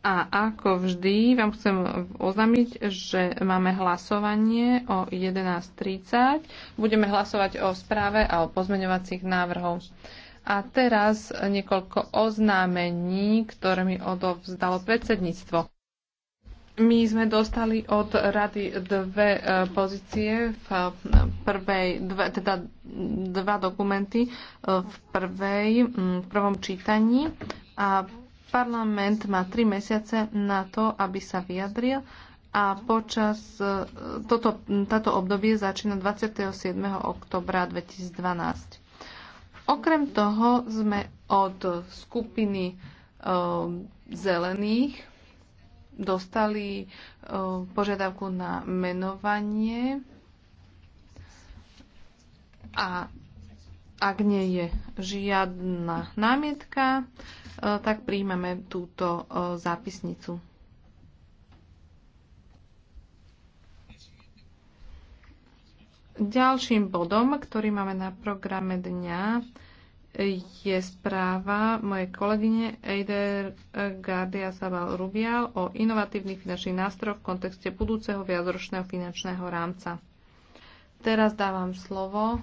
A ako vždy vám chcem oznámiť, že máme hlasovanie o 11.30. Budeme hlasovať o správe a o pozmeňovacích návrhov. A teraz niekoľko oznámení, ktoré mi odovzdalo predsedníctvo. My sme dostali od rady dve e, pozície, v e, prvej, dve, teda dva dokumenty e, v, prvej, v prvom čítaní a Parlament má tri mesiace na to, aby sa vyjadril a počas e, toto, táto obdobie začína 27. oktobra 2012. Okrem toho sme od skupiny e, zelených dostali e, požiadavku na menovanie a ak nie je žiadna námietka, E, tak príjmeme túto e, zápisnicu. Ďalším bodom, ktorý máme na programe dňa, je správa mojej kolegyne Eider Gardia Sabal Rubial o inovatívnych finančných nástrojoch v kontexte budúceho viacročného finančného rámca. Teraz dávam slovo e,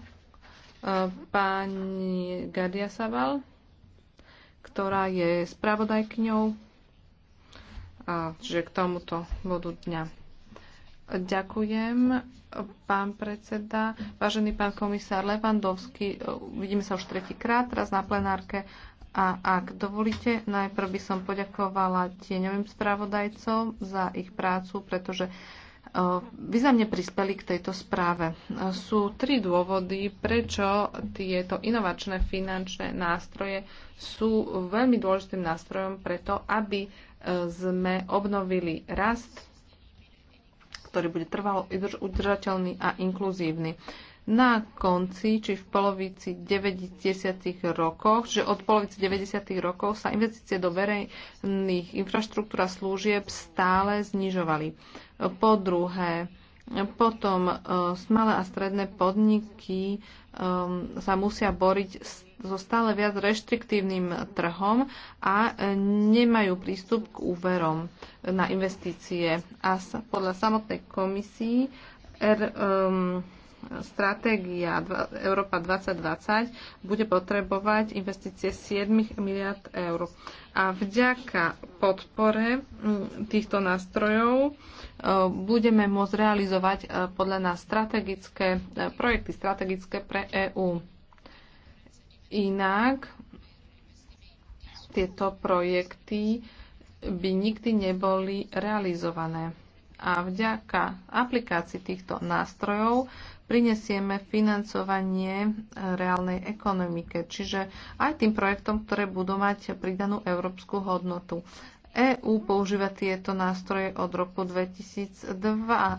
pani Gardia Sabal ktorá je spravodajkňou že k tomuto bodu dňa. Ďakujem, pán predseda. Vážený pán komisár Levandovský, vidíme sa už tretíkrát, teraz na plenárke. A ak dovolíte, najprv by som poďakovala tieňovým spravodajcom za ich prácu, pretože Ehm, významne prispeli k tejto správe. Ehm, sú tri dôvody, prečo tieto inovačné finančné nástroje sú veľmi dôležitým nástrojom preto, aby ehm, sme obnovili rast, ktorý bude trvalo udržateľný a inkluzívny na konci, či v polovici 90. rokov, že od polovici 90. rokov sa investície do verejných infraštruktúr a služieb stále znižovali. Po druhé, potom e, malé a stredné podniky e, sa musia boriť so stále viac reštriktívnym trhom a e, nemajú prístup k úverom na investície. A podľa samotnej komisii R, stratégia Európa 2020 bude potrebovať investície 7 miliard eur. A vďaka podpore mm, týchto nástrojov e, budeme môcť realizovať e, podľa nás strategické e, projekty, strategické pre EÚ. Inak tieto projekty by nikdy neboli realizované. A vďaka aplikácii týchto nástrojov prinesieme financovanie e, reálnej ekonomike, čiže aj tým projektom, ktoré budú mať pridanú európsku hodnotu. EÚ používa tieto nástroje od roku 2002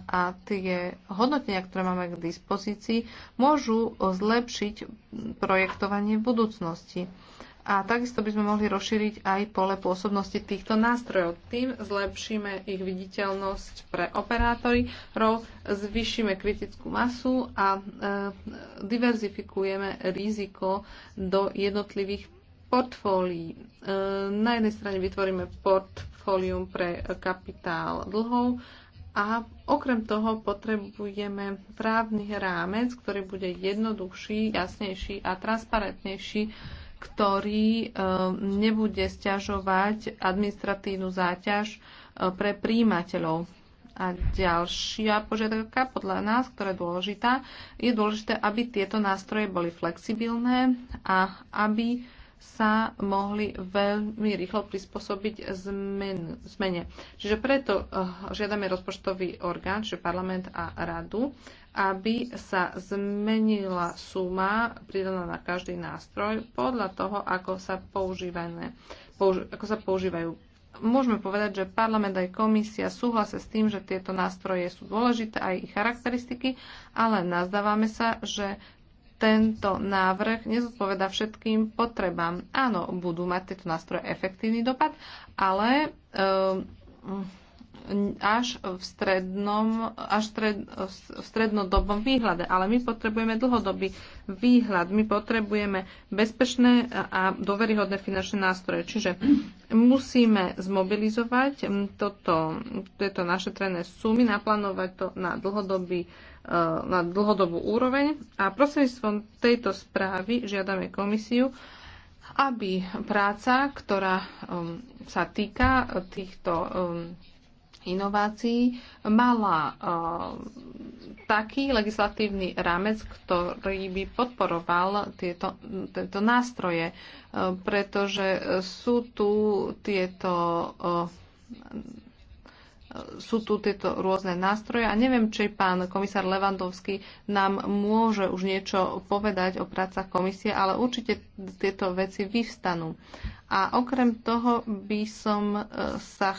a tie hodnotenia, ktoré máme k dispozícii, môžu zlepšiť projektovanie v budúcnosti. A takisto by sme mohli rozšíriť aj pole pôsobnosti týchto nástrojov. Tým zlepšíme ich viditeľnosť pre operátorov, zvyšíme kritickú masu a e, diverzifikujeme riziko do jednotlivých portfólií. E, na jednej strane vytvoríme portfólium pre kapitál dlhov a okrem toho potrebujeme právny rámec, ktorý bude jednoduchší, jasnejší a transparentnejší ktorý e, nebude stiažovať administratívnu záťaž e, pre príjimateľov. A ďalšia požiadavka podľa nás, ktorá je dôležitá, je dôležité, aby tieto nástroje boli flexibilné a aby sa mohli veľmi rýchlo prispôsobiť zmen, zmene. Čiže preto uh, žiadame rozpočtový orgán, čiže parlament a radu, aby sa zmenila suma pridaná na každý nástroj podľa toho, ako sa, používané, použi- ako sa používajú. Môžeme povedať, že parlament aj komisia súhlasia s tým, že tieto nástroje sú dôležité, aj ich charakteristiky, ale nazdávame sa, že tento návrh nezodpoveda všetkým potrebám. Áno, budú mať tieto nástroje efektívny dopad, ale Uh, až v, strednom, až stred, v strednodobom výhľade. Ale my potrebujeme dlhodobý výhľad. My potrebujeme bezpečné a doveryhodné finančné nástroje. Čiže musíme zmobilizovať toto, tieto naše trené sumy, naplánovať to na, dlhodobý, eh, na dlhodobú úroveň. A prostredníctvom tejto správy žiadame komisiu, aby práca, ktorá eh, sa týka týchto eh, inovácií mala eh, taký legislatívny rámec, ktorý by podporoval tieto, tieto nástroje, eh, pretože sú tu tieto eh, sú tu tieto rôzne nástroje a neviem, či pán komisár Levandovský nám môže už niečo povedať o prácach komisie, ale určite tieto veci vyvstanú. A okrem toho by som sa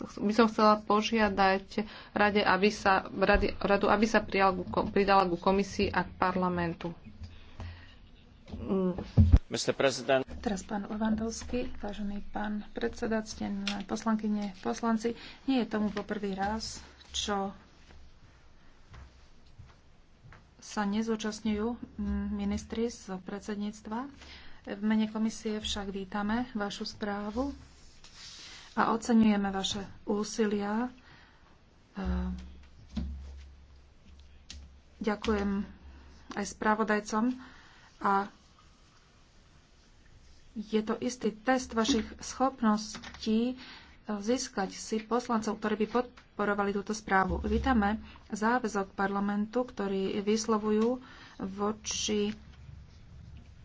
by som chcela požiadať rade, aby sa, rady, radu, aby sa prijal, pridala ku komisii a k parlamentu. Mm. Teraz pán Levandovský, vážený pán predseda, ctené poslankyne, poslanci. Nie je tomu po prvý raz, čo sa nezúčastňujú ministri z predsedníctva. V mene komisie však vítame vašu správu a oceňujeme vaše úsilia. E, ďakujem aj spravodajcom a je to istý test vašich schopností e, získať si poslancov, ktorí by podporovali túto správu. Vítame záväzok parlamentu, ktorý vyslovujú voči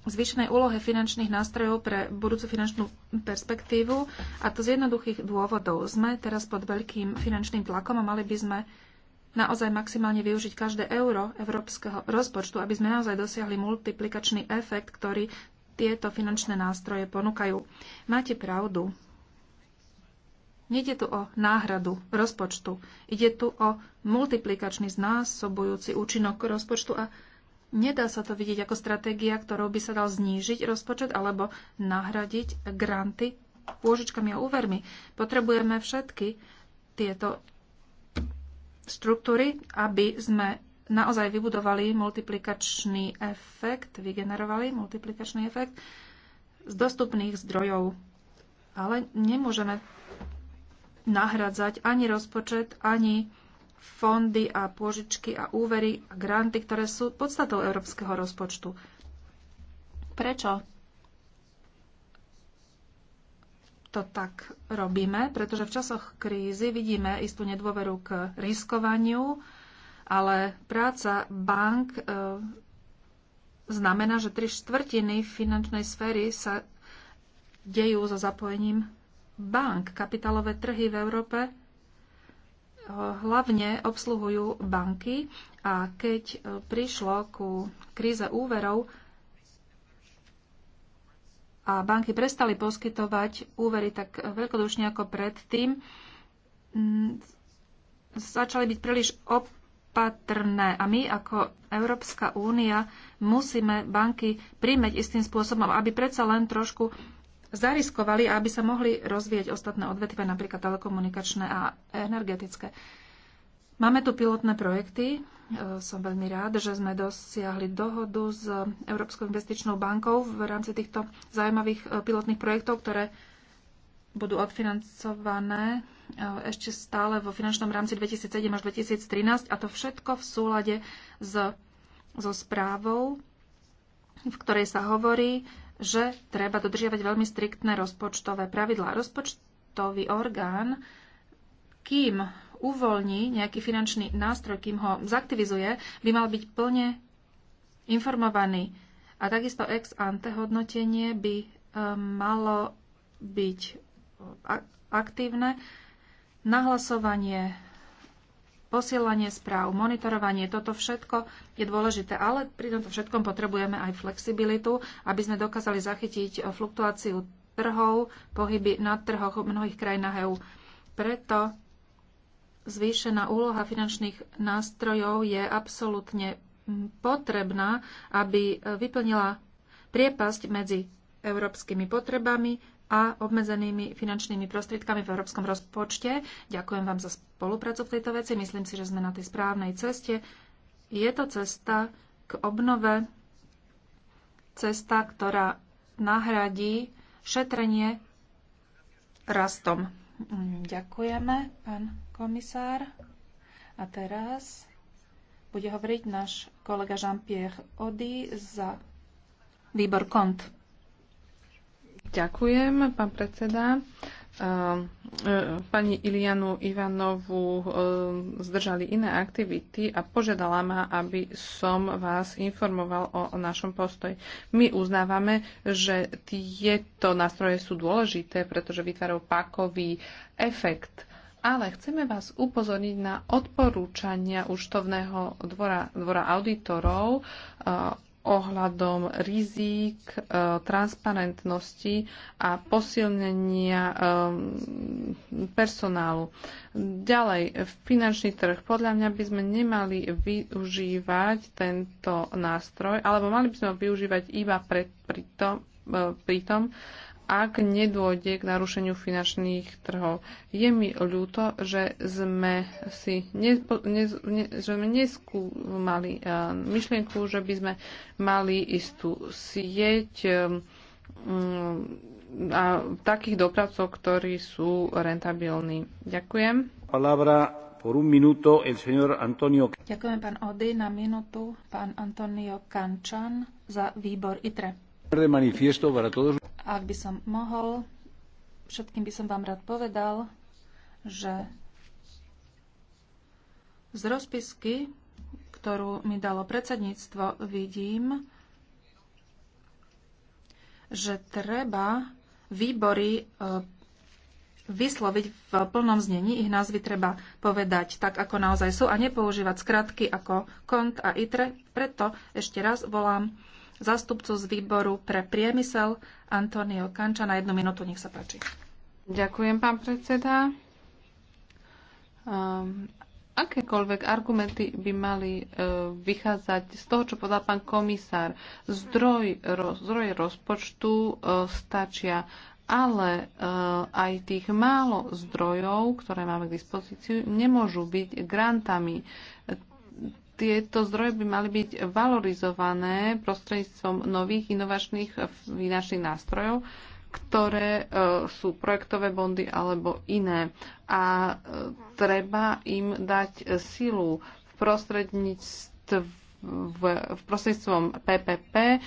zvyšnej úlohe finančných nástrojov pre budúcu finančnú perspektívu a to z jednoduchých dôvodov. Sme teraz pod veľkým finančným tlakom a mali by sme naozaj maximálne využiť každé euro európskeho rozpočtu, aby sme naozaj dosiahli multiplikačný efekt, ktorý tieto finančné nástroje ponúkajú. Máte pravdu. Nede tu o náhradu rozpočtu. Ide tu o multiplikačný znásobujúci účinok rozpočtu a Nedá sa to vidieť ako stratégia, ktorou by sa dal znížiť rozpočet alebo nahradiť granty pôžičkami a úvermi. Potrebujeme všetky tieto štruktúry, aby sme naozaj vybudovali multiplikačný efekt, vygenerovali multiplikačný efekt z dostupných zdrojov. Ale nemôžeme nahradzať ani rozpočet, ani fondy a pôžičky a úvery a granty, ktoré sú podstatou európskeho rozpočtu. Prečo to tak robíme? Pretože v časoch krízy vidíme istú nedôveru k riskovaniu, ale práca bank e, znamená, že tri štvrtiny finančnej sféry sa dejú so zapojením bank. Kapitálové trhy v Európe hlavne obsluhujú banky a keď e, prišlo ku kríze úverov a banky prestali poskytovať úvery tak veľkodušne ako predtým, začali byť príliš opatrné. A my ako Európska únia musíme banky príjmeť istým spôsobom, aby predsa len trošku zariskovali, aby sa mohli rozvieť ostatné odvetvia, napríklad telekomunikačné a energetické. Máme tu pilotné projekty. E, som veľmi rád, že sme dosiahli dohodu s Európskou investičnou bankou v rámci týchto zaujímavých e, pilotných projektov, ktoré budú odfinancované e, ešte stále vo finančnom rámci 2007 až 2013 a to všetko v súlade s, so správou, v ktorej sa hovorí, že treba dodržiavať veľmi striktné rozpočtové pravidlá. Rozpočtový orgán, kým uvoľní nejaký finančný nástroj, kým ho zaktivizuje, by mal byť plne informovaný. A takisto ex ante hodnotenie by e, malo byť aktívne. Nahlasovanie posielanie správ, monitorovanie, toto všetko je dôležité, ale pri tomto všetkom potrebujeme aj flexibilitu, aby sme dokázali zachytiť eh, fluktuáciu trhov, pohyby na trhoch v mnohých krajinách EÚ. Preto zvýšená úloha finančných nástrojov je absolútne hm, potrebná, aby eh, vyplnila priepasť medzi európskymi potrebami a obmedzenými finančnými prostriedkami v európskom rozpočte. Ďakujem vám za spoluprácu v tejto veci. Myslím si, že sme na tej správnej ceste. Je to cesta k obnove, cesta, ktorá nahradí šetrenie rastom. Ďakujeme, pán komisár. A teraz bude hovoriť náš kolega Jean-Pierre Ody za výbor KONT. Ďakujem, pán predseda. Ehm, e, pani Ilianu Ivanovu ehm, zdržali iné aktivity a požiadala ma, aby som vás informoval o, našom postoji. My uznávame, že tieto nástroje sú dôležité, pretože vytvárajú pakový efekt ale chceme vás upozorniť na odporúčania účtovného dvora, dvora auditorov ehm, ohľadom rizík, e, transparentnosti a posilnenia e, personálu. Ďalej, finančný trh. Podľa mňa by sme nemali využívať tento nástroj, alebo mali by sme ho využívať iba pre, pri, tom, e, pri tom, ak nedôjde k narušeniu finančných trhov. Je mi ľúto, že sme si ne, ne, že sme neskúmali uh, myšlienku, že by sme mali istú sieť um, a takých dopravcov, ktorí sú rentabilní. Ďakujem. Palabra por un minuto el señor Antonio. Ďakujem, pán Ody. Na minútu pán Antonio Kančan za výbor ITRE. Ak by som mohol, všetkým by som vám rád povedal, že z rozpisky, ktorú mi dalo predsedníctvo, vidím, že treba výbory e, vysloviť v plnom znení. Ich názvy treba povedať tak, ako naozaj sú a nepoužívať skratky ako kont a itre. Preto ešte raz volám zastupcu z výboru pre priemysel Antonio Kanča. Na jednu minútu, nech sa páči. Ďakujem, pán predseda. Um, akékoľvek argumenty by mali uh, vychádzať z toho, čo povedal pán komisár. Zdroj, roz, zdroje rozpočtu uh, stačia, ale uh, aj tých málo zdrojov, ktoré máme k dispozíciu, nemôžu byť grantami tieto zdroje by mali byť valorizované prostredníctvom nových inovačných finančných nástrojov, ktoré e, sú projektové bondy alebo iné. A e, treba im dať silu v prostredníctve v, prostredstvom PPP,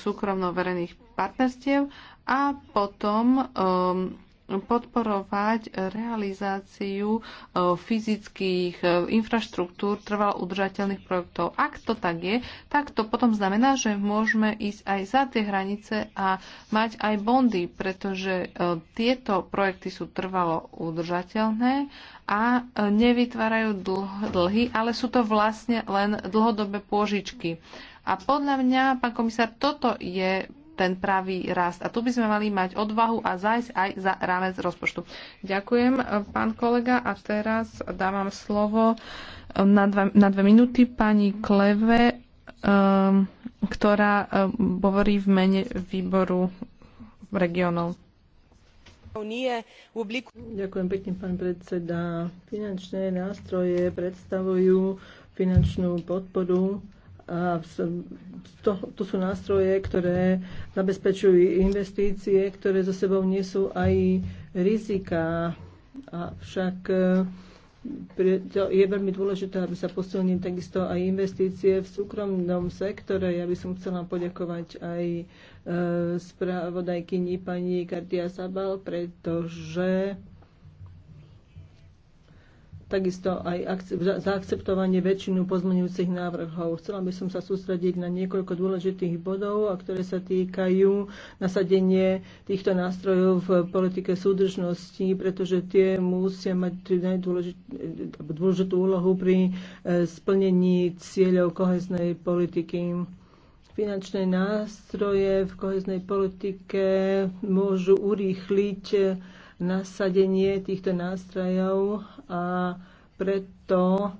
súkromno-verejných partnerstiev a potom um, podporovať realizáciu e, fyzických e, infraštruktúr trvalo udržateľných projektov. Ak to tak je, tak to potom znamená, že môžeme ísť aj za tie hranice a mať aj bondy, pretože e, tieto projekty sú trvalo udržateľné a nevytvárajú dlhy, ale sú to vlastne len dlhodobé pôžičky. A podľa mňa, pán komisár, toto je ten pravý rast. A tu by sme mali mať odvahu a zajsť aj za rámec rozpočtu. Ďakujem, pán kolega. A teraz dávam slovo eh, na, dva, na dve minúty pani Kleve, um, ktorá um, hovorí v mene výboru regionov. Ďakujem pekne, pán predseda. Finančné nástroje predstavujú finančnú podporu a to, to sú nástroje, ktoré zabezpečujú investície, ktoré za sebou nesú aj rizika. Avšak e, je veľmi dôležité, aby sa posilnili takisto aj investície v súkromnom sektore. Ja by som chcela poďakovať aj e, spravodajkyni pani Kardia Sabal, pretože takisto aj zaakceptovanie väčšinu pozmenujúcich návrhov. Chcela by som sa sústrediť na niekoľko dôležitých bodov, a ktoré sa týkajú nasadenie týchto nástrojov v politike súdržnosti, pretože tie musia mať dôležitú úlohu pri e, splnení cieľov koheznej politiky finančné nástroje v koheznej politike môžu urýchliť e, nasadenie týchto nástrojov a preto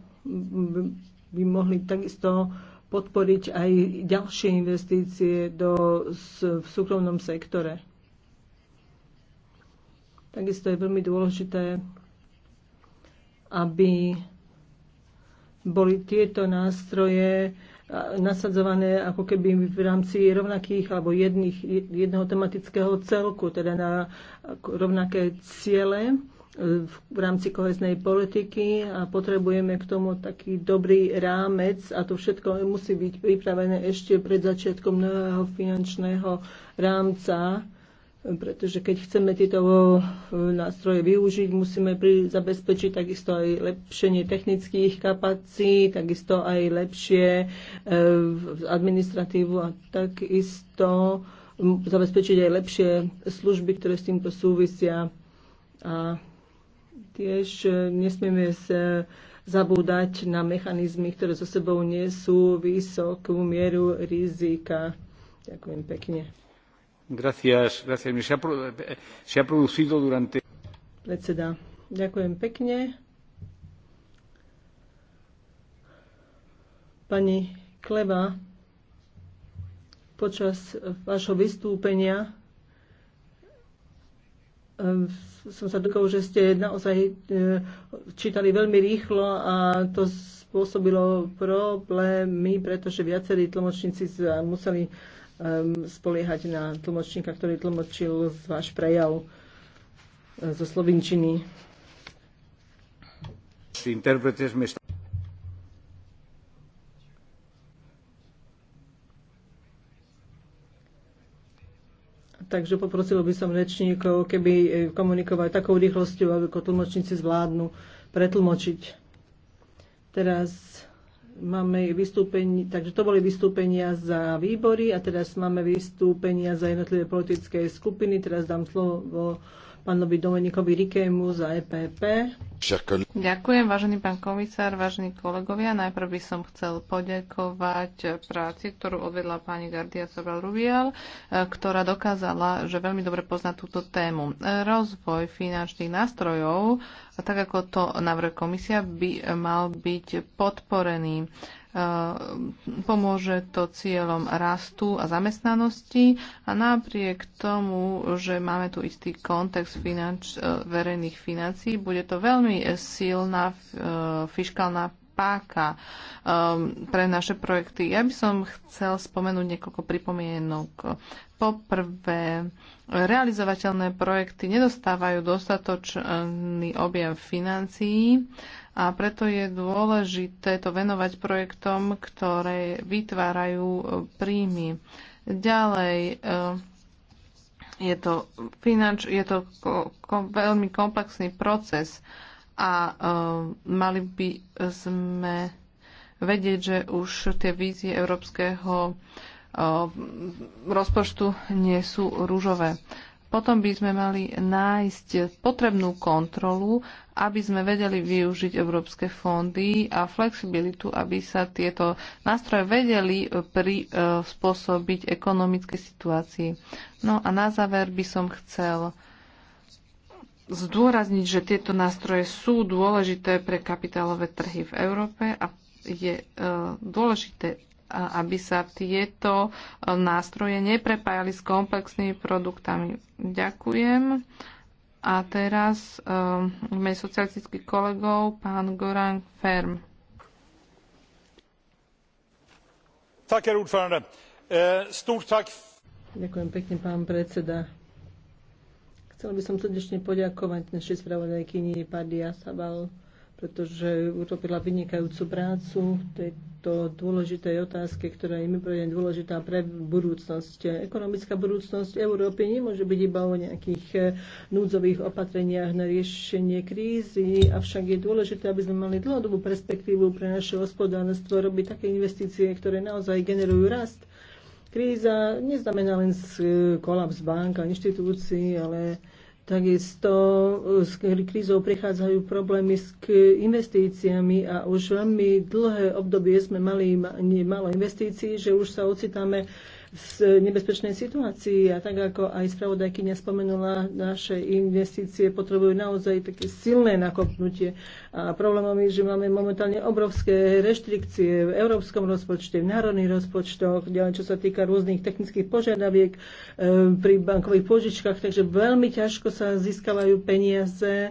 by mohli takisto podporiť aj ďalšie investície do, v súkromnom sektore. Takisto je veľmi dôležité, aby boli tieto nástroje nasadzované ako keby v rámci rovnakých alebo jedných, jedného tematického celku, teda na rovnaké ciele v rámci koheznej politiky a potrebujeme k tomu taký dobrý rámec a to všetko musí byť pripravené ešte pred začiatkom nového finančného rámca, pretože keď chceme tieto nástroje využiť, musíme pri, zabezpečiť takisto aj lepšenie technických kapacít, takisto aj lepšie e, administratívu a takisto zabezpečiť aj lepšie služby, ktoré s týmto súvisia. A Tiež e, nesmieme sa zabúdať na mechanizmy, ktoré so sebou nesú vysokú mieru rizika. Ďakujem pekne. Gracias, gracias. Se ha, se ha producido durante... Predseda, ďakujem pekne. Pani Kleva, počas vášho vystúpenia Ehm, som sa dokoval, že ste naozaj eh, čítali veľmi rýchlo a to spôsobilo problémy, pretože viacerí tlmočníci museli ehm, spoliehať na tlmočníka, ktorý tlmočil váš prejav eh, zo Slovinčiny. Interpretes takže poprosila by som rečníkov, keby e, komunikovať takou rýchlosťou, ako tlmočníci zvládnu pretlmočiť. Teraz máme vystúpenie, takže to boli vystúpenia za výbory a teraz máme vystúpenia za jednotlivé politické skupiny. Teraz dám slovo pánovi Dominikovi Rikému za EPP. Ďakujem, vážený pán komisár, vážení kolegovia. Najprv by som chcel poďakovať práci, ktorú odvedla pani Gardia Sobral Rubial, e, ktorá dokázala, že veľmi dobre pozná túto tému. E, Rozvoj finančných nástrojov, tak ako to navrh komisia, by mal byť podporený E, pomôže to cieľom rastu a zamestnanosti a napriek tomu, že máme tu istý kontext finanč, e, verejných financií, bude to veľmi silná e, fiskálna páka pre naše projekty. Ja by som chcel spomenúť niekoľko pripomienok. Poprvé, realizovateľné projekty nedostávajú dostatočný objem financií a preto je dôležité to venovať projektom, ktoré vytvárajú e, príjmy. Ďalej e, je to, finanč, je to kom, veľmi komplexný proces a e, mali by sme vedieť, že už tie vízie európskeho rozpočtu nie sú rúžové. Potom by sme mali nájsť potrebnú kontrolu, aby sme vedeli využiť európske fondy a flexibilitu, aby sa tieto nástroje vedeli prispôsobiť ekonomickej situácii. No a na záver by som chcel zdôrazniť, že tieto nástroje sú dôležité pre kapitálové trhy v Európe a je e, dôležité aby sa tieto e, nástroje neprepájali s komplexnými produktami. Ďakujem. A teraz um, e, mene socialistických kolegov, pán Goran Ferm. E, Ďakujem pekne, pán predseda. Chcel by som srdečne poďakovať našej spravodajkyni Padia Sabal pretože urobila vynikajúcu prácu v tejto dôležitej otázke, ktorá je mimoriadne dôležitá pre budúcnosť. Ekonomická budúcnosť Európy nemôže byť iba o nejakých eh, núdzových opatreniach na riešenie krízy, avšak je dôležité, aby sme mali dlhodobú perspektívu pre naše hospodárstvo, robiť také investície, ktoré naozaj generujú rast. Kríza neznamená len eh, kolaps bank a inštitúcií, ale Takisto eh, s krízou prichádzajú problémy s investíciami a už veľmi dlhé obdobie sme mali malo investícií, že už sa ocitáme nebezpečnej situácii. A tak ako aj spravodajkynia spomenula, naše investície potrebujú naozaj také silné nakopnutie. A problémom je, že máme momentálne obrovské reštrikcie v európskom rozpočte, v národných rozpočtoch, ďalej čo sa týka rôznych technických požiadaviek e, pri bankových požičkách, takže veľmi ťažko sa získavajú peniaze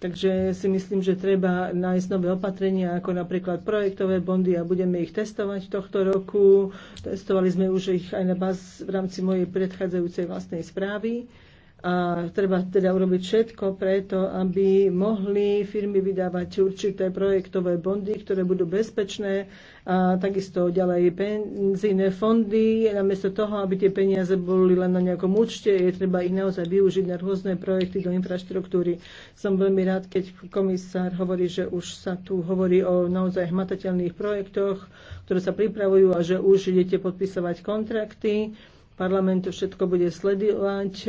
Takže si myslím, že treba nájsť nové opatrenia, ako napríklad projektové bondy a budeme ich testovať tohto roku. Testovali sme už ich aj na baz v rámci mojej predchádzajúcej vlastnej správy a treba teda urobiť všetko preto, aby mohli firmy vydávať určité projektové bondy, ktoré budú bezpečné a takisto ďalej penzíne fondy. Namiesto toho, aby tie peniaze boli len na nejakom účte, je treba ich naozaj využiť na rôzne projekty do infraštruktúry. Som veľmi rád, keď komisár hovorí, že už sa tu hovorí o naozaj hmatateľných projektoch, ktoré sa pripravujú a že už idete podpisovať kontrakty to všetko bude sledovať e,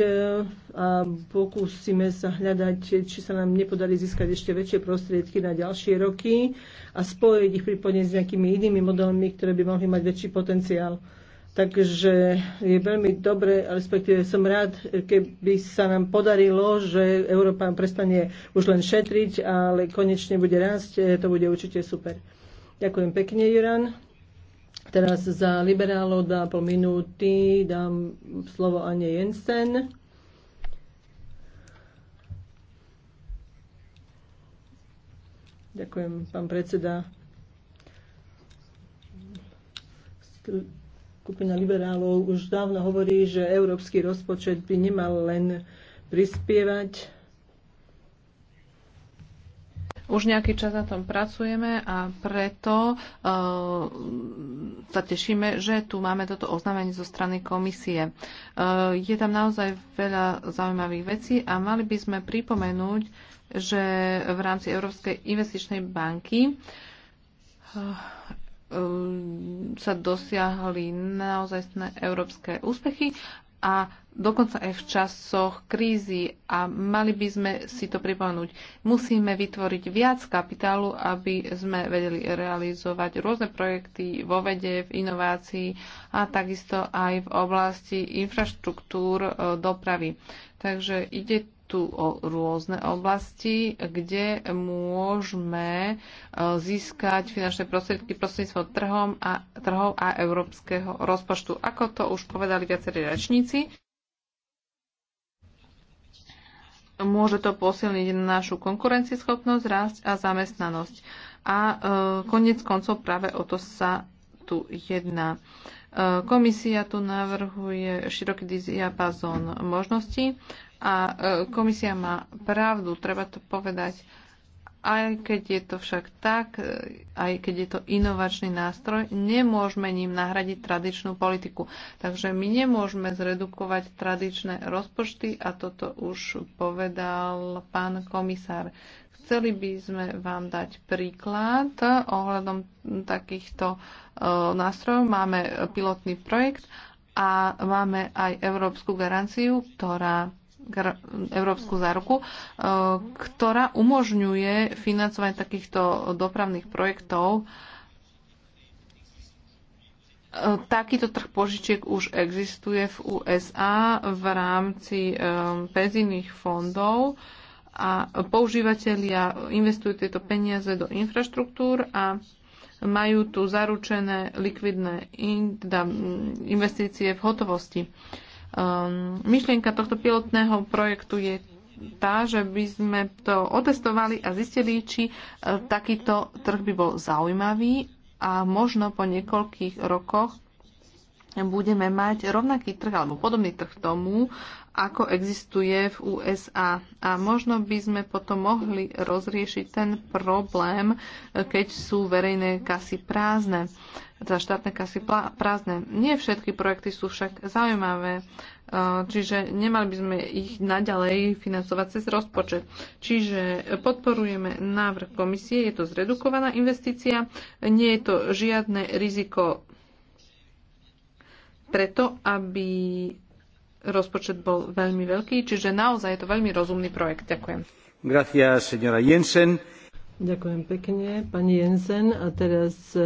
a pokúsime sa hľadať, či sa nám nepodarí získať ešte väčšie prostriedky na ďalšie roky a spojiť ich prípadne s nejakými inými modelmi, ktoré by mohli mať väčší potenciál. Takže je veľmi dobre, respektíve som rád, keby sa nám podarilo, že Európa prestane už len šetriť, ale konečne bude rásť. E, to bude určite super. Ďakujem pekne, Juran. Teraz za liberálov 2,5 minúty dám slovo Anne Jensen. Ďakujem, pán predseda. Skupina liberálov už dávno hovorí, že európsky rozpočet by nemal len prispievať už nejaký čas na tom pracujeme a preto uh, sa tešíme, že tu máme toto oznámenie zo strany komisie. Uh, je tam naozaj veľa zaujímavých vecí a mali by sme pripomenúť, že v rámci Európskej investičnej banky uh, sa dosiahli naozaj európske úspechy a dokonca aj v časoch krízy a mali by sme si to pripomenúť. Musíme vytvoriť viac kapitálu, aby sme vedeli realizovať rôzne projekty vo vede, v inovácii a takisto aj v oblasti infraštruktúr e, dopravy. Takže ide tu o rôzne oblasti, kde môžeme e, získať finančné prostriedky prostredníctvom trhom a, trhov a európskeho rozpočtu. Ako to už povedali viacerí rečníci, môže to posilniť našu konkurencieschopnosť, rásť a zamestnanosť. A e, konec koncov práve o to sa tu jedná. E, komisia tu navrhuje široký diapazón možností a e, komisia má pravdu, treba to povedať. Aj keď je to však tak, e, aj keď je to inovačný nástroj, nemôžeme ním nahradiť tradičnú politiku. Takže my nemôžeme zredukovať tradičné rozpočty a toto už povedal pán komisár. Chceli by sme vám dať príklad ohľadom takýchto e, nástrojov. Máme pilotný projekt a máme aj európsku garanciu, ktorá európsku záruku, e, ktorá umožňuje financovanie takýchto dopravných projektov. E, takýto trh požičiek už existuje v USA v rámci e, penzijných fondov a používateľia investujú tieto peniaze do infraštruktúr a majú tu zaručené likvidné investície v hotovosti. Um, myšlienka tohto pilotného projektu je tá, že by sme to otestovali a zistili, či uh, takýto trh by bol zaujímavý a možno po niekoľkých rokoch budeme mať rovnaký trh alebo podobný trh tomu, ako existuje v USA. A možno by sme potom mohli rozriešiť ten problém, keď sú verejné kasy prázdne, teda štátne kasy prázdne. Nie všetky projekty sú však zaujímavé, e, čiže nemali by sme ich naďalej financovať cez rozpočet. Čiže podporujeme návrh komisie, je to zredukovaná investícia, nie je to žiadne riziko preto, aby rozpočet bol veľmi veľký, čiže naozaj je to veľmi rozumný projekt. Ďakujem. Gracias, señora Jensen. Ďakujem pekne, pani Jensen. A teraz e,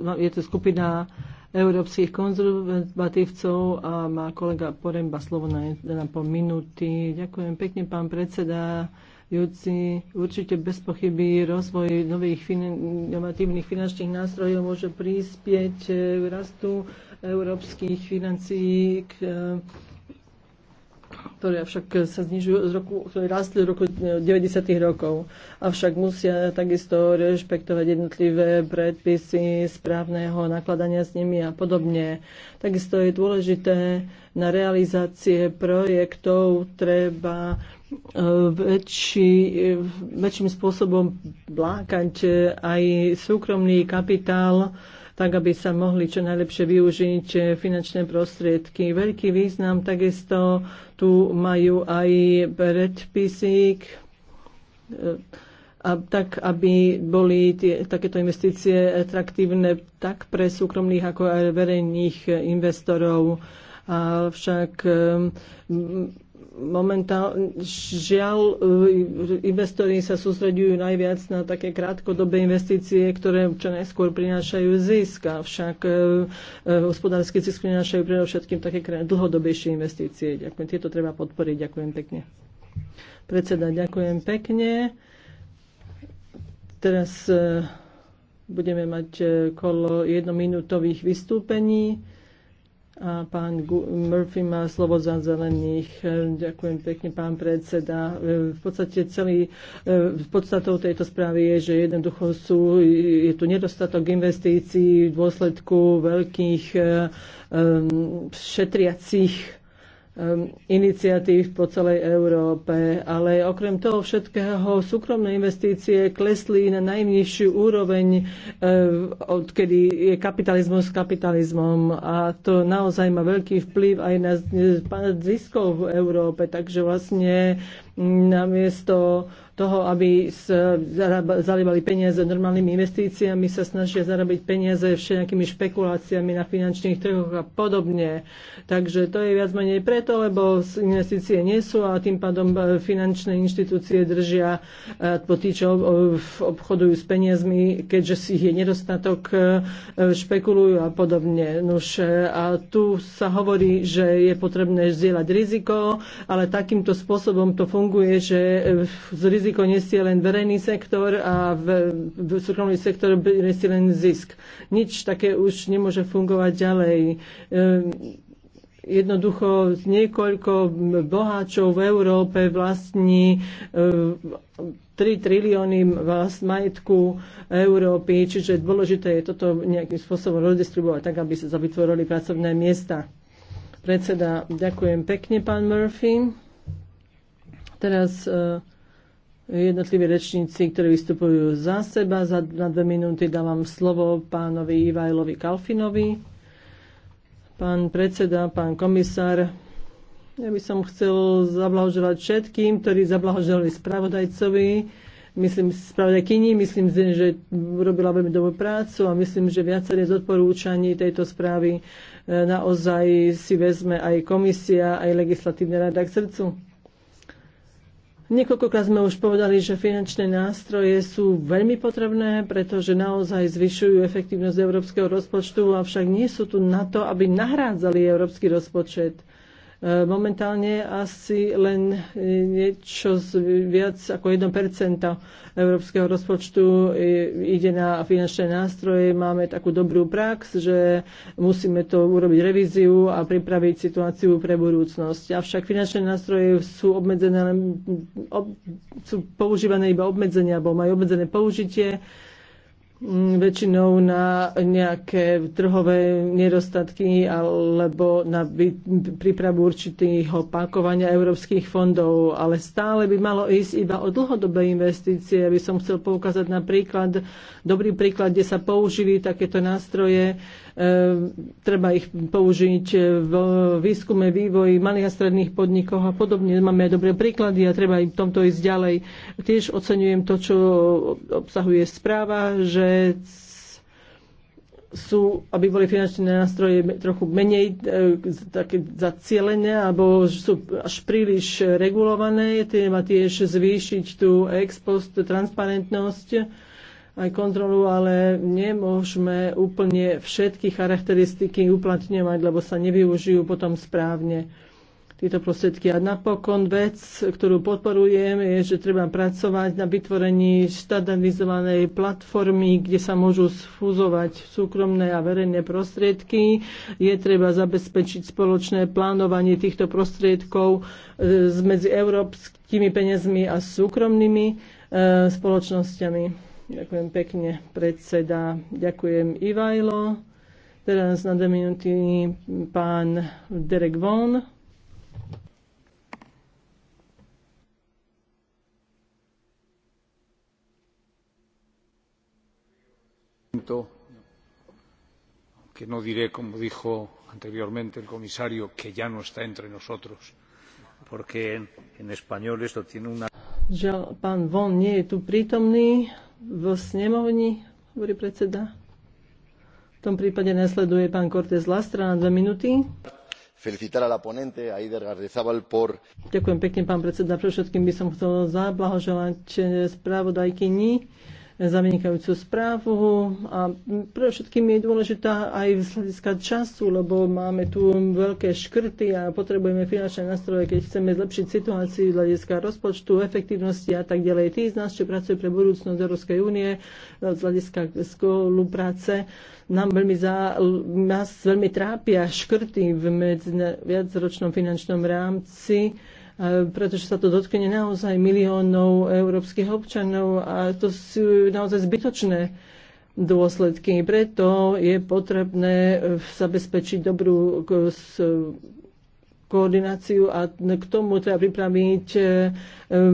je tu skupina európskych konzervatívcov a má kolega Poremba slovo na pol minúty. Ďakujem pekne, pán predseda. Júci, určite bez pochyby rozvoj nových inovatívnych finančných nástrojov môže prispieť k e, rastu európskych financií, eh, ktoré však sa znižujú z roku, ktoré rastli v roku 90. rokov. Avšak musia takisto rešpektovať jednotlivé predpisy správneho nakladania s nimi a podobne. Takisto je dôležité na realizácie projektov treba eh, väčší, eh, väčším spôsobom blákať aj súkromný kapitál, tak aby sa mohli čo najlepšie využiť eh, finančné prostriedky. Veľký význam takisto tu majú aj predpisy, eh, a tak, aby boli tie, takéto investície atraktívne tak pre súkromných, ako aj verejných investorov. Avšak eh, momentálne, žiaľ, e, investori sa sústredujú najviac na také krátkodobé investície, ktoré čo najskôr prinášajú zisk, avšak e, e, hospodársky zisk prinášajú predovšetkým také dlhodobejšie investície. Ďakujem, tieto treba podporiť. Ďakujem pekne. Predseda, ďakujem pekne. Teraz budeme mať kolo jednominútových vystúpení. A pán Murphy má slovo za zelených. E, ďakujem pekne, pán predseda. E, v podstate celý, v e, podstatou tejto správy je, že jednoducho sú, je tu nedostatok investícií v dôsledku veľkých šetriacich Ehm, iniciatív po celej Európe. Ale okrem toho všetkého súkromné investície klesli na najnižšiu úroveň, ehm, odkedy je kapitalizmus s kapitalizmom. A to naozaj má veľký vplyv aj na ziskov v Európe. Takže vlastne namiesto toho, aby zarábali peniaze normálnymi investíciami, sa snažia zarobiť peniaze všetkými špekuláciami na finančných trhoch a podobne. Takže to je viac menej preto, lebo investície nie sú a tým pádom e, finančné inštitúcie držia e, po tí, čo e, obchodujú s peniazmi, keďže si ich je nedostatok, špekulujú a podobne. Nož, a tu sa hovorí, že je potrebné zdieľať riziko, ale takýmto spôsobom to funguje funguje, že e, riziko nesie len verejný sektor a v, v súkromný sektor nesie len zisk. Nič také už nemôže fungovať ďalej. E, jednoducho niekoľko boháčov v Európe vlastní 3 e, trilióny majetku Európy, čiže dôležité je toto nejakým spôsobom rozdistribuovať tak, aby sa vytvorili pracovné miesta. Predseda, ďakujem pekne, pán Murphy. Teraz e, jednotliví rečníci, ktorí vystupujú za seba. Za, na dve minúty dávam slovo pánovi Ivajlovi Kalfinovi. Pán predseda, pán komisár, ja by som chcel zablahoželať všetkým, ktorí zablahoželali spravodajcovi, myslím, spravodajkyni, myslím, že robila veľmi dobrú prácu a myslím, že viaceré z odporúčaní tejto správy e, naozaj si vezme aj komisia, aj legislatívna rada k srdcu. Niekoľkokrát sme už povedali, že finančné nástroje sú veľmi potrebné, pretože naozaj zvyšujú efektívnosť európskeho rozpočtu, avšak nie sú tu na to, aby nahrádzali európsky rozpočet. E, momentálne asi len e, niečo z viac ako 1% európskeho rozpočtu e, ide na finančné nástroje. Máme takú dobrú prax, že musíme to urobiť revíziu a pripraviť situáciu pre budúcnosť. Avšak finančné nástroje sú obmedzené, sú používané iba obmedzenia, alebo majú obmedzené použitie Mm, väčšinou na nejaké trhové nedostatky alebo na prípravu určitých opakovania európskych fondov. Ale stále by malo ísť iba o dlhodobé investície. By som chcel poukázať napríklad dobrý príklad, kde sa použili takéto nástroje Ehm, treba ich použiť v výskume, vývoji malých a stredných podnikoch a podobne. Máme aj dobré príklady a treba im tomto ísť ďalej. Tiež oceňujem to, čo obsahuje správa, že sú, aby boli finančné nástroje trochu menej e, také zacielené alebo sú až príliš regulované. Treba tiež zvýšiť tú ex post transparentnosť aj kontrolu, ale nemôžeme úplne všetky charakteristiky uplatňovať, lebo sa nevyužijú potom správne tieto prostriedky. A napokon vec, ktorú podporujem, je, že treba pracovať na vytvorení štandardizovanej platformy, kde sa môžu sfúzovať súkromné a verejné prostriedky. Je treba zabezpečiť spoločné plánovanie týchto prostriedkov e, medzi európskymi peniazmi a súkromnými e, spoločnosťami. Ďakujem pekne, predseda. Ďakujem Ivajlo. Teraz na dve minúty pán Derek Von. que no diré como dijo anteriormente el comisario que ya no está entre nosotros porque en, en español esto tiene una Žiaľ, pán Von nie je tu prítomný v snemovni, hovorí predseda. V tom prípade nasleduje pán Cortés Lastra na dve minúty. Felicitar a la ponente, a Ider por... Ďakujem pekne, pán predseda. Pre všetkým by som chcel zablahoželať spravodajkyni za vynikajúcu správu a pre všetkým je dôležitá aj z hľadiska času, lebo máme tu veľké škrty a potrebujeme finančné nástroje, keď chceme zlepšiť situáciu z hľadiska rozpočtu, efektívnosti a tak ďalej. Tí z nás, čo pracujú pre budúcnosť Európskej únie, z hľadiska spolupráce, nám veľmi za, nás veľmi trápia škrty v viacročnom finančnom rámci pretože sa to dotkne naozaj miliónov európskych občanov a to sú naozaj zbytočné dôsledky. Preto je potrebné eh, zabezpečiť dobrú eh, koordináciu a k tomu treba pripraviť e, e,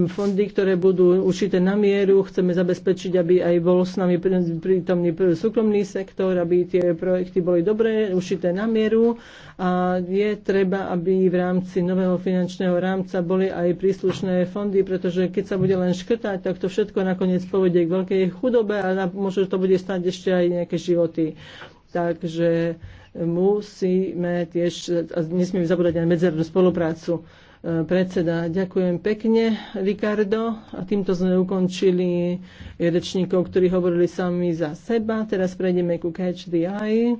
fondy, ktoré budú určité na mieru. Chceme zabezpečiť, aby aj bol s nami prítomný súkromný sektor, aby tie projekty boli dobré, určité na mieru a je treba, aby v rámci nového finančného rámca boli aj príslušné fondy, pretože keď sa bude len škrtať, tak to všetko nakoniec povedie k veľkej chudobe a možno to bude stať ešte aj nejaké životy. Takže musíme tiež, a nesmieme zabúdať aj medzernú spoluprácu e, predseda. Ďakujem pekne, Ricardo. A týmto sme ukončili rečníkov, ktorí hovorili sami za seba. Teraz prejdeme ku Catch the Eye.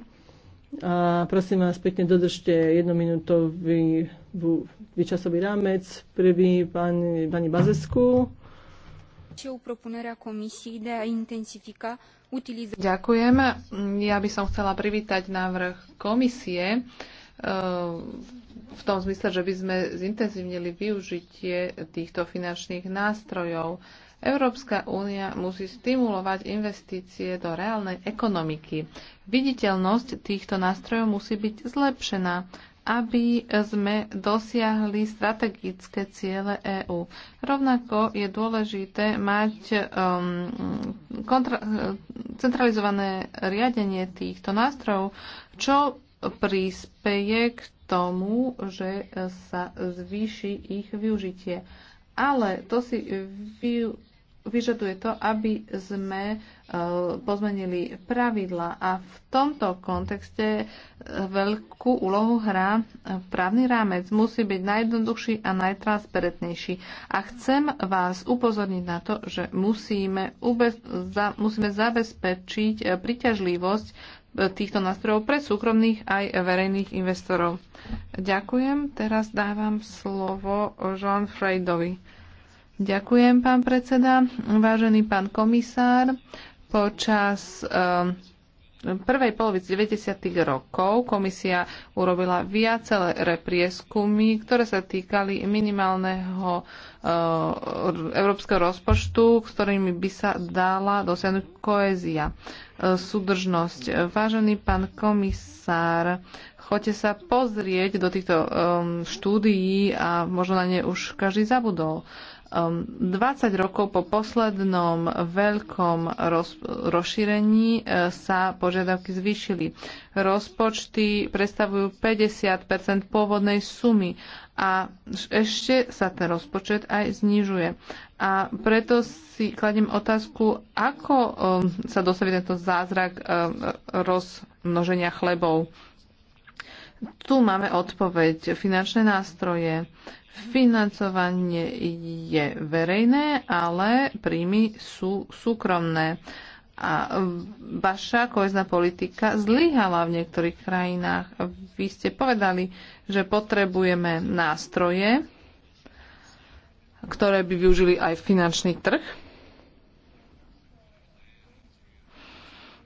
A prosím vás, pekne dodržte jednominútový vyčasový rámec. Prvý pani, pani Bazesku. propunerea komisii de a intensifika Ďakujem. Ja by som chcela privítať návrh komisie e, v tom zmysle, že by sme zintenzívnili využitie týchto finančných nástrojov. Európska únia musí stimulovať investície do reálnej ekonomiky. Viditeľnosť týchto nástrojov musí byť zlepšená aby sme dosiahli strategické ciele EÚ. Rovnako je dôležité mať um, kontra- centralizované riadenie týchto nástrojov, čo prispeje k tomu, že sa zvýši ich využitie. Ale to si vy, vyžaduje to, aby sme e, pozmenili pravidla a v tomto kontexte e, veľkú úlohu hrá právny rámec. Musí byť najjednoduchší a najtransparentnejší. A chcem vás upozorniť na to, že musíme, ubez- za- musíme zabezpečiť e, príťažlivosť týchto nástrojov pre súkromných aj verejných investorov. Ďakujem. Teraz dávam slovo Jean Freidovi. Ďakujem, pán predseda. Vážený pán komisár, počas ehm, prvej polovici 90. rokov komisia urobila viaceré prieskumy, ktoré sa týkali minimálneho ehm, európskeho rozpočtu, s ktorými by sa dala dosiahnuť koézia, e, súdržnosť. Vážený pán komisár, choďte sa pozrieť do týchto ehm, štúdií a možno na ne už každý zabudol. 20 um, rokov po poslednom veľkom roz, rozšírení e, sa požiadavky zvýšili. Rozpočty predstavujú 50 pôvodnej sumy a ešte sa ten rozpočet aj znižuje. A preto si kladiem otázku, ako um, sa dostaví tento zázrak um, rozmnoženia chlebov. Tu máme odpoveď. Finančné nástroje. Financovanie je verejné, ale príjmy sú súkromné. A vaša kohezná politika zlyhala v niektorých krajinách. Vy ste povedali, že potrebujeme nástroje, ktoré by využili aj finančný trh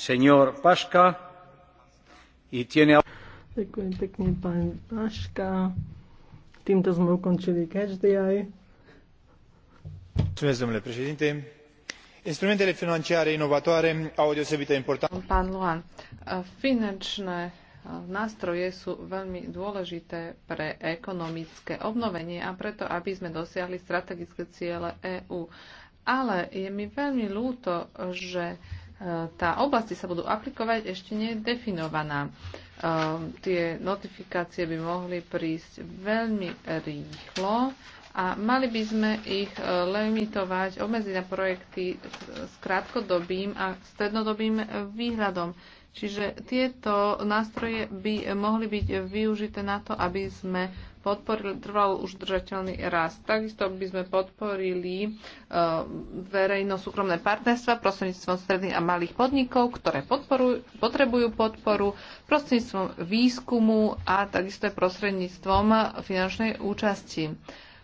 Ďakujem pekne, pán Paška. Týmto sme ukončili domnule președinte. Instrumentele financiare inovatoare au o deosebită importanță. Pán Luan, finančné eh, nástroje sú veľmi dôležité pre ekonomické obnovenie a preto, aby sme dosiahli strategické ciele EÚ. Ale je mi veľmi ľúto, že tá oblasti sa budú aplikovať, ešte nie je definovaná. Ehm, tie notifikácie by mohli prísť veľmi rýchlo a mali by sme ich e, limitovať, obmedziť na projekty s krátkodobým a strednodobým e, výhľadom. Čiže tieto nástroje by mohli byť využité na to, aby sme podporili trvalo už držateľný rast. Takisto by sme podporili eh, verejno-súkromné partnerstva prostredníctvom stredných a malých podnikov, ktoré potrebujú podporu, prostredníctvom výskumu a takisto prostredníctvom finančnej účasti.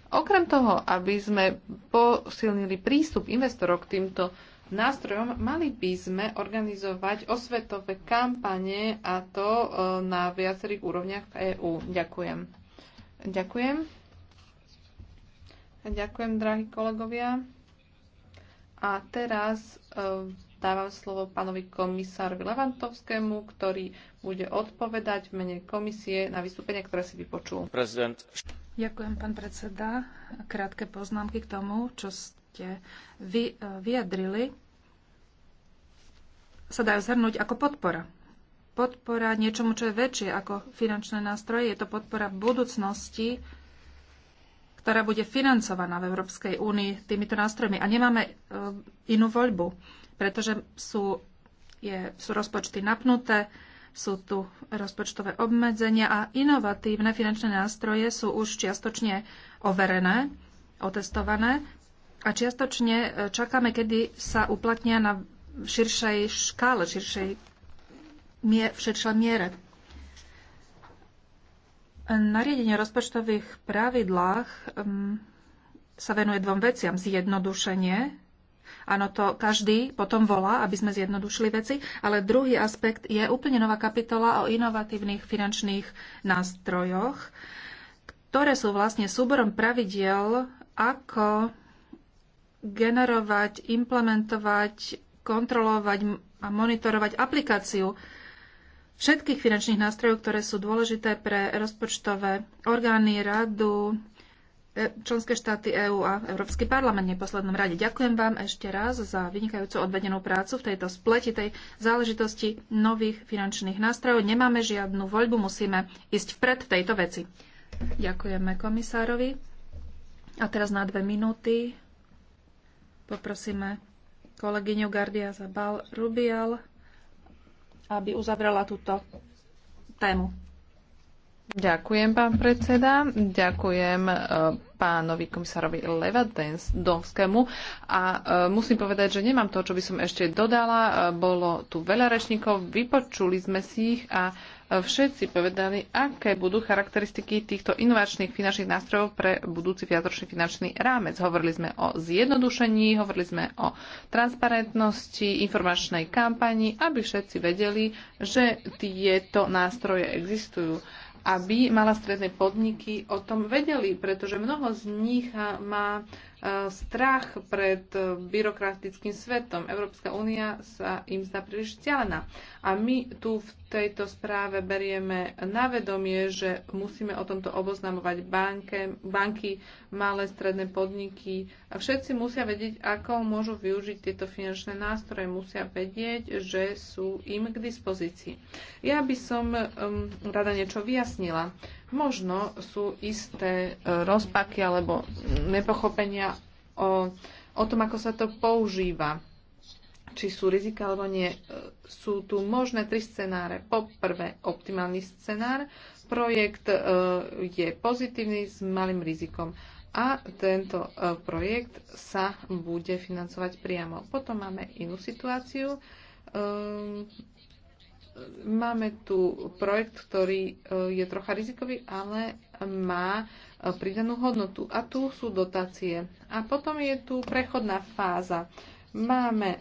Okrem toho, aby sme posilnili prístup investorov k týmto nástrojom, mali by sme organizovať osvetové kampane a to eh, na viacerých úrovniach v EÚ. Ďakujem. Ďakujem. Ďakujem, drahí kolegovia. A teraz e, dávam slovo pánovi komisárovi Levantovskému, ktorý bude odpovedať v mene komisie na vystúpenie, ktoré si vypočul. Prezident. Ďakujem, pán predseda. Krátke poznámky k tomu, čo ste vy e, vyjadrili, sa dajú zhrnúť ako podpora podpora niečomu, čo je väčšie ako finančné nástroje. Je to podpora budúcnosti, ktorá bude financovaná v Európskej únii týmito nástrojmi. A nemáme e, inú voľbu, pretože sú, je, sú rozpočty napnuté, sú tu rozpočtové obmedzenia a inovatívne finančné nástroje sú už čiastočne overené, otestované a čiastočne e, čakáme, kedy sa uplatnia na širšej škále, širšej mier, miere. Nariadenie o rozpočtových pravidlách um, sa venuje dvom veciam. Zjednodušenie. Áno, to každý potom volá, aby sme zjednodušili veci, ale druhý aspekt je úplne nová kapitola o inovatívnych finančných nástrojoch, ktoré sú vlastne súborom pravidiel, ako generovať, implementovať, kontrolovať a monitorovať aplikáciu všetkých finančných nástrojov, ktoré sú dôležité pre rozpočtové orgány, radu, e, členské štáty EÚ a Európsky parlament v neposlednom rade. Ďakujem vám ešte raz za vynikajúcu odvedenú prácu v tejto spletitej záležitosti nových finančných nástrojov. Nemáme žiadnu voľbu, musíme ísť vpred v tejto veci. Ďakujeme komisárovi. A teraz na dve minúty poprosíme kolegyňu Gardia Zabal Rubial aby uzavrela túto tému. Ďakujem, pán predseda. Ďakujem e, pánovi komisárovi Levadenskému. A e, musím povedať, že nemám to, čo by som ešte dodala. E, bolo tu veľa rečníkov, vypočuli sme si ich a všetci povedali, aké budú charakteristiky týchto inovačných finančných nástrojov pre budúci viacročný finančný rámec. Hovorili sme o zjednodušení, hovorili sme o transparentnosti, informačnej kampani, aby všetci vedeli, že tieto nástroje existujú aby mala stredné podniky o tom vedeli, pretože mnoho z nich má strach pred e, byrokratickým svetom. Európska únia sa im zdá príliš vzdialená. A my tu v tejto správe berieme na vedomie, že musíme o tomto oboznamovať banke, banky, malé, stredné podniky. a Všetci musia vedieť, ako môžu využiť tieto finančné nástroje. Musia vedieť, že sú im k dispozícii. Ja by som um, rada niečo vyjasnila. Možno sú isté e, rozpaky alebo nepochopenia o, o tom, ako sa to používa či sú rizika alebo nie. E, sú tu možné tri scenáre. Po prvé, optimálny scenár. Projekt e, je pozitívny s malým rizikom a tento projekt sa bude financovať priamo. Potom máme inú situáciu. Máme tu projekt, ktorý e, je trocha rizikový, ale má e, pridanú hodnotu. A tu sú dotácie. A potom je tu prechodná fáza. Máme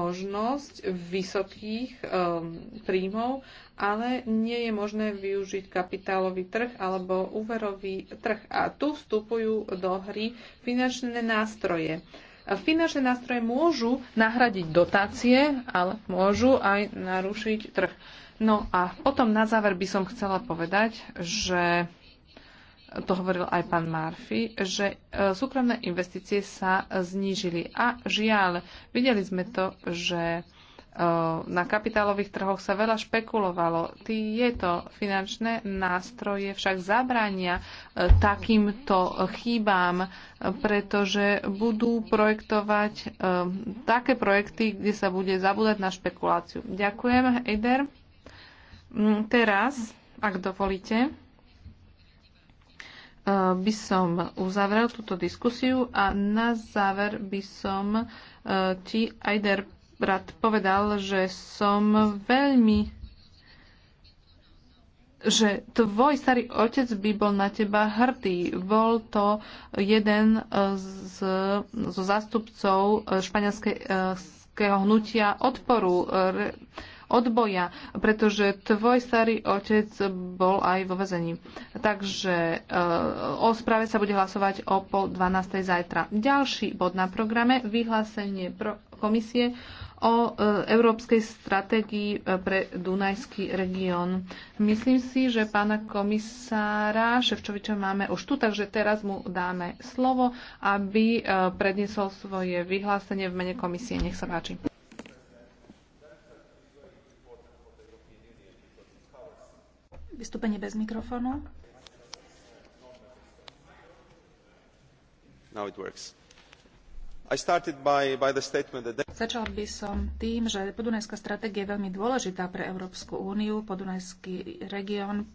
možnosť vysokých um, príjmov, ale nie je možné využiť kapitálový trh alebo úverový trh. A tu vstupujú do hry finančné nástroje. Uh, Finančné nástroje môžu nahradiť dotácie, ale môžu aj narušiť trh. No a potom na záver by som chcela povedať, že to hovoril aj pán Murphy, že e, súkromné investície sa znížili. A žiaľ, videli sme to, že na kapitálových trhoch sa veľa špekulovalo. Tieto finančné nástroje však zabrania e, takýmto chýbám, e, pretože budú projektovať e, také projekty, kde sa bude zabúdať na špekuláciu. Ďakujem, Eder. Mm, teraz, ak dovolíte, by som uzavrel túto diskusiu a na záver by som ti, Eider, rád povedal, že som veľmi že tvoj starý otec by bol na teba hrdý. Bol to jeden z, z zástupcov španielského hnutia odporu, odboja, pretože tvoj starý otec bol aj vo vezení. Takže eh, o správe sa bude hlasovať o pol 12. zajtra. Ďalší bod na programe, vyhlásenie pro komisie o e, európskej stratégii e, pre Dunajský región. Myslím si, že pána komisára Ševčoviča máme už tu, takže teraz mu dáme slovo, aby e, predniesol svoje vyhlásenie v mene komisie. Nech sa páči. Vystúpenie bez mikrofónu. Now it works by Začal by som tým, že podunajská stratégia je veľmi dôležitá pre Európsku úniu. Podunajský región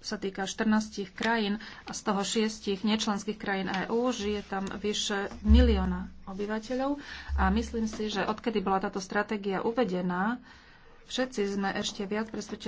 sa týka 14 krajín a z toho 6 nečlenských krajín EÚ. Žije tam vyše milióna obyvateľov a myslím si, že odkedy bola táto stratégia uvedená, všetci sme ešte viac presvedčení,